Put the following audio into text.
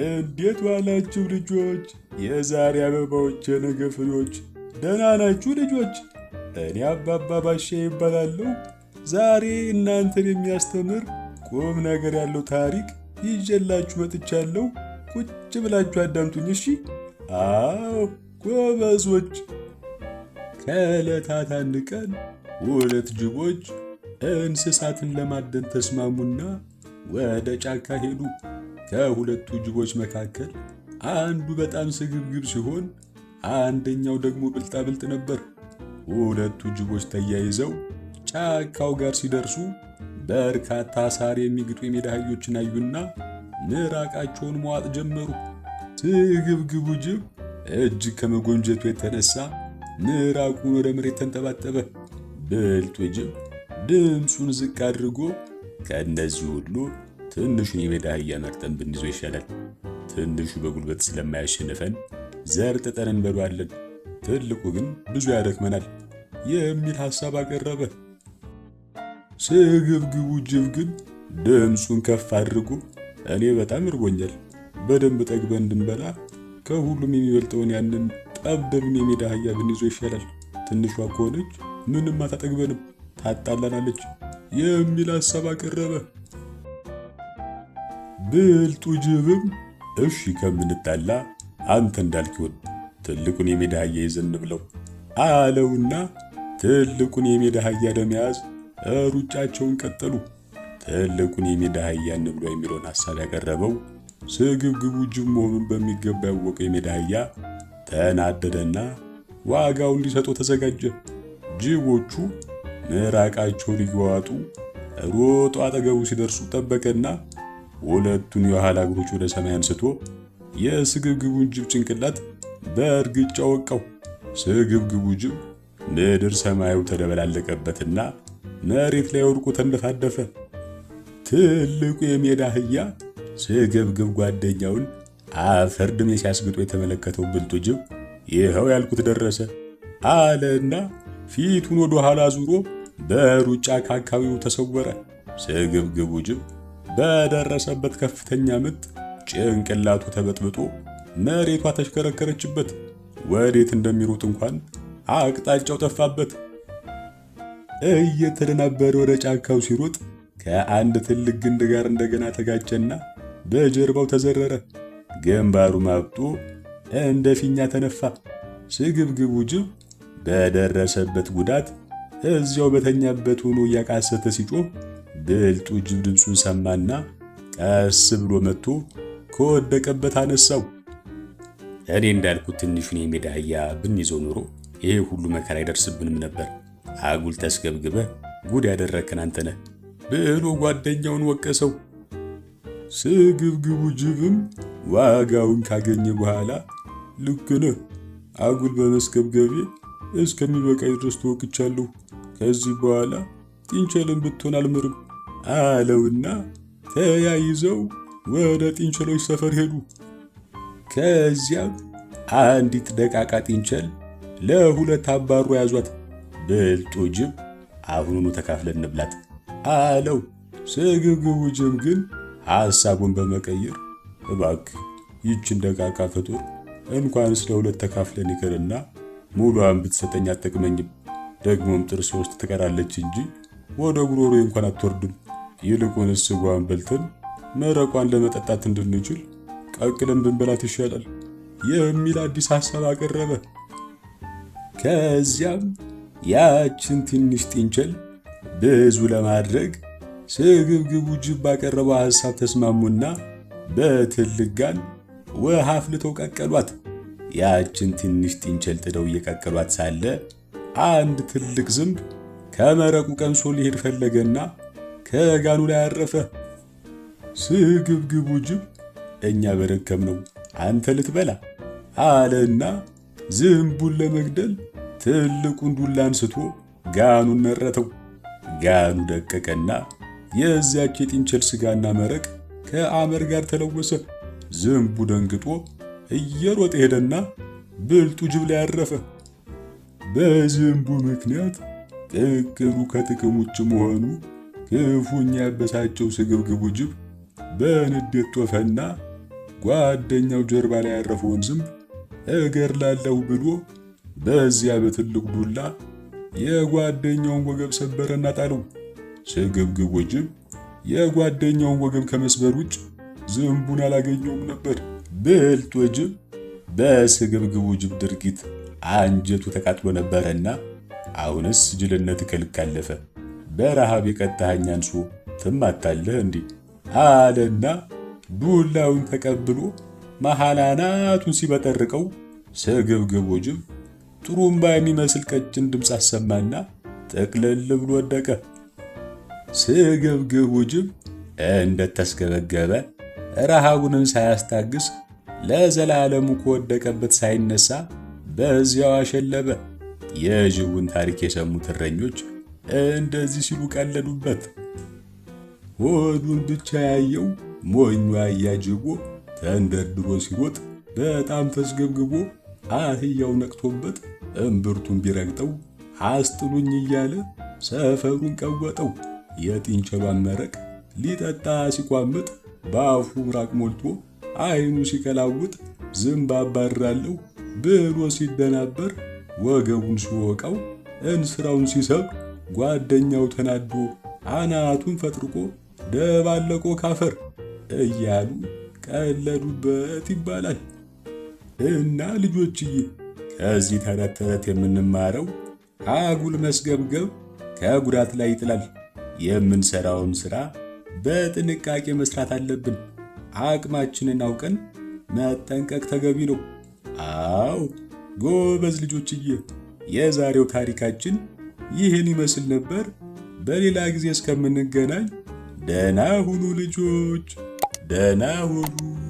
እንዴት ዋላችሁ ልጆች? የዛሬ አበባዎች የነገ ፍሬዎች። ደህና ናችሁ ልጆች? እኔ አባባ ባሼ ይባላለሁ። ዛሬ እናንተን የሚያስተምር ቁም ነገር ያለው ታሪክ ይዤላችሁ መጥቻለሁ። ቁጭ ብላችሁ አዳምጡኝ እሺ? አዎ ጎበዞች። ከዕለታት አንድ ቀን ሁለት ጅቦች እንስሳትን ለማደን ተስማሙና ወደ ጫካ ሄዱ። ከሁለቱ ጅቦች መካከል አንዱ በጣም ስግብግብ ሲሆን፣ አንደኛው ደግሞ ብልጣብልጥ ነበር። ሁለቱ ጅቦች ተያይዘው ጫካው ጋር ሲደርሱ በርካታ ሳር የሚግጡ የሜዳ አህዮችን አዩና ምራቃቸውን መዋጥ ጀመሩ። ስግብግቡ ጅብ እጅግ ከመጎንጀቱ የተነሳ ምራቁን ወደ መሬት ተንጠባጠበ። ብልጡ ጅብ ድምፁን ዝቅ አድርጎ ከእነዚህ ሁሉ ትንሹን የሜዳ አህያ መርጠን ብንይዘው ይሻላል። ትንሹ በጉልበት ስለማያሸንፈን ዘርጥጠን እንበለዋለን፣ ትልቁ ግን ብዙ ያደክመናል የሚል ሐሳብ አቀረበ። ስግብግቡ ጅብ ግን ድምፁን ከፍ አድርጎ እኔ በጣም እርቦኛል፣ በደንብ ጠግበን እንድንበላ ከሁሉም የሚበልጠውን ያንን ጠብደብን የሜዳ አህያ ብንይዘው ይሻላል፣ ትንሿ ከሆነች ምንም አታጠግበንም፣ ታጣላናለች የሚል ሐሳብ አቀረበ። ብልጡ ጅብም እሺ ከምንጣላ አንተ እንዳልክ ትልቁን የሜዳ አህያ ይዘን ብለው አለውና ትልቁን የሜዳ አህያ ለመያዝ ሩጫቸውን ቀጠሉ። ትልቁን የሜዳ አህያ እንብሎ የሚለውን ሐሳብ ያቀረበው ስግብግቡ ጅብ መሆኑን በሚገባ ያወቀው የሜዳ አህያ ተናደደና ዋጋውን ሊሰጠው ተዘጋጀ። ጅቦቹ ምራቃቸውን እየዋጡ ሮጦ አጠገቡ ሲደርሱ ጠበቀና ሁለቱን የኋላ እግሮች ወደ ሰማይ አንስቶ የስግብግቡን ጅብ ጭንቅላት በእርግጫ ወቃው። ስግብግቡ ጅብ ምድር ሰማዩ ተደበላለቀበትና መሬት ላይ ወድቆ ተንደፋደፈ። ትልቁ የሜዳ አህያ ስግብግብ ጓደኛውን አፈር ድሜ ሲያስግጦ የተመለከተው ብልጡ ጅብ ይኸው ያልኩት ደረሰ አለና ፊቱን ወደ ኋላ ዙሮ በሩጫ ከአካባቢው ተሰወረ። ስግብግቡ ጅብ በደረሰበት ከፍተኛ ምት ጭንቅላቱ ተበጥብጦ መሬቷ ተሽከረከረችበት። ወዴት እንደሚሮጥ እንኳን አቅጣጫው ጠፋበት። እየተደናበረ ወደ ጫካው ሲሮጥ ከአንድ ትልቅ ግንድ ጋር እንደገና ተጋጨና በጀርባው ተዘረረ። ግንባሩ ማብጦ እንደ ፊኛ ተነፋ። ስግብግቡ ጅብ በደረሰበት ጉዳት እዚያው በተኛበት ሆኖ እያቃሰተ ሲጮህ ብልጡ ጅብ ድምፁን ሰማና ቀስ ብሎ መጥቶ ከወደቀበት አነሳው። እኔ እንዳልኩት ትንሹን የሜዳ አህያ ብንይዘው ኖሮ ይሄ ሁሉ መከራ አይደርስብንም ነበር። አጉል ተስገብግበ ጉድ ያደረግከን አንተ ነህ ብሎ ጓደኛውን ወቀሰው። ስግብግቡ ጅብም ዋጋውን ካገኘ በኋላ ልክ ነህ፣ አጉል በመስገብገቤ እስከሚበቃይ ድረስ ተወቅቻለሁ። ከዚህ በኋላ ጥንቸልን ብትሆን አልምርም አለውና ተያይዘው ወደ ጥንቸሎች ሰፈር ሄዱ። ከዚያም አንዲት ደቃቃ ጥንቸል ለሁለት አባሮ ያዟት። ብልጡ ጅብ አሁኑኑ ተካፍለን እንብላት አለው። ስግብግቡ ጅብ ግን ሐሳቡን በመቀየር እባክህ ይችን ደቃቃ ፍጡር እንኳንስ ለሁለት ተካፍለን ይቅርና ሙሉዋን ብትሰጠኝ አትጠቅመኝም። ደግሞም ጥርስ ውስጥ ትቀራለች እንጂ ወደ ጉሮሮ እንኳን አትወርድም ይልቁንስ ስጓን በልተን መረቋን ለመጠጣት እንድንችል ቀቅለን ብንበላት ይሻላል የሚል አዲስ ሐሳብ አቀረበ። ከዚያም ያችን ትንሽ ጥንቸል ብዙ ለማድረግ ስግብግቡ ጅብ ባቀረበው ሐሳብ ተስማሙና በትልቅ ጋን ውሃ አፍልተው ቀቀሏት። ያችን ትንሽ ጥንቸል ጥደው እየቀቀሏት ሳለ አንድ ትልቅ ዝንብ ከመረቁ ቀምሶ ሊሄድ ፈለገና ከጋኑ ላይ አረፈ። ስግብግቡ ጅብ እኛ በረከም ነው አንተ ልትበላ አለና ዝንቡን ለመግደል ትልቁን ዱላ አንስቶ ጋኑን መረተው። ጋኑ ደቀቀና የዚያች የጥንቸል ስጋና መረቅ ከአመር ጋር ተለወሰ። ዝንቡ ደንግጦ እየሮጠ ሄደና ብልጡ ጅብ ላይ አረፈ። በዝንቡ ምክንያት ጥቅሉ ከጥቅም ውጭ መሆኑ ክፉኛ ያበሳጨው ስግብግቡ ጅብ በንዴት ጮኸና ጓደኛው ጀርባ ላይ ያረፈውን ዝንብ ላለው ብሎ በዚያ በትልቅ ዱላ የጓደኛውን ወገብ ሰበረና ጣለው። ስግብግቡ ጅብ የጓደኛውን ወገብ ከመስበር ውጭ ዝንቡን አላገኘውም ነበር። ብልጡ ጅብ በስግብግቡ ጅብ ድርጊት አንጀቱ ተቃጥሎ ነበረና አሁንስ ጅልነት ከልክ አለፈ። በረሃብ የቀጣኸኝ አንሶ ትማታለህ እንዴ? አለና ዱላውን ተቀብሎ መሃላናቱን ሲበጠርቀው ስግብግቡ ጅብ ጥሩምባ የሚመስል ቀጭን ድምፅ አሰማና ጥቅልል ብሎ ወደቀ። ስግብግቡ ጅብ እንደተስገበገበ ረሃቡንም ሳያስታግስ ለዘላለሙ ከወደቀበት ሳይነሳ በዚያው አሸለበ። የጅቡን ታሪክ የሰሙት እረኞች እንደዚህ ሲሉ ቀለዱበት። ሆዱን ብቻ ያየው ሞኙ እያጀቦ ተንደርድሮ ሲሮጥ በጣም ተስገብግቦ አህያው ነቅቶበት እምብርቱን ቢረግጠው አስጥሉኝ እያለ ሰፈሩን ቀወጠው። የጥንቸሏን መረቅ ሊጠጣ ሲቋምጥ በአፉ ምራቅ ሞልቶ አይኑ ሲቀላውጥ ዝንብ አባራለሁ ብሎ ሲደናበር ወገቡን ሲወቃው እንስራውን ሲሰብ ጓደኛው ተናዶ አናቱን ፈጥርቆ ደባለቆ ካፈር እያሉ ቀለዱበት ይባላል። እና ልጆችዬ ከዚህ ተረት ተረት የምንማረው አጉል መስገብገብ ከጉዳት ላይ ይጥላል። የምንሰራውን ስራ በጥንቃቄ መስራት አለብን። አቅማችንን አውቀን መጠንቀቅ ተገቢ ነው። አዎ ጎበዝ ልጆችዬ፣ የዛሬው ታሪካችን ይህን ይመስል ነበር። በሌላ ጊዜ እስከምንገናኝ ደህና ሁኑ ልጆች፣ ደህና ሁኑ።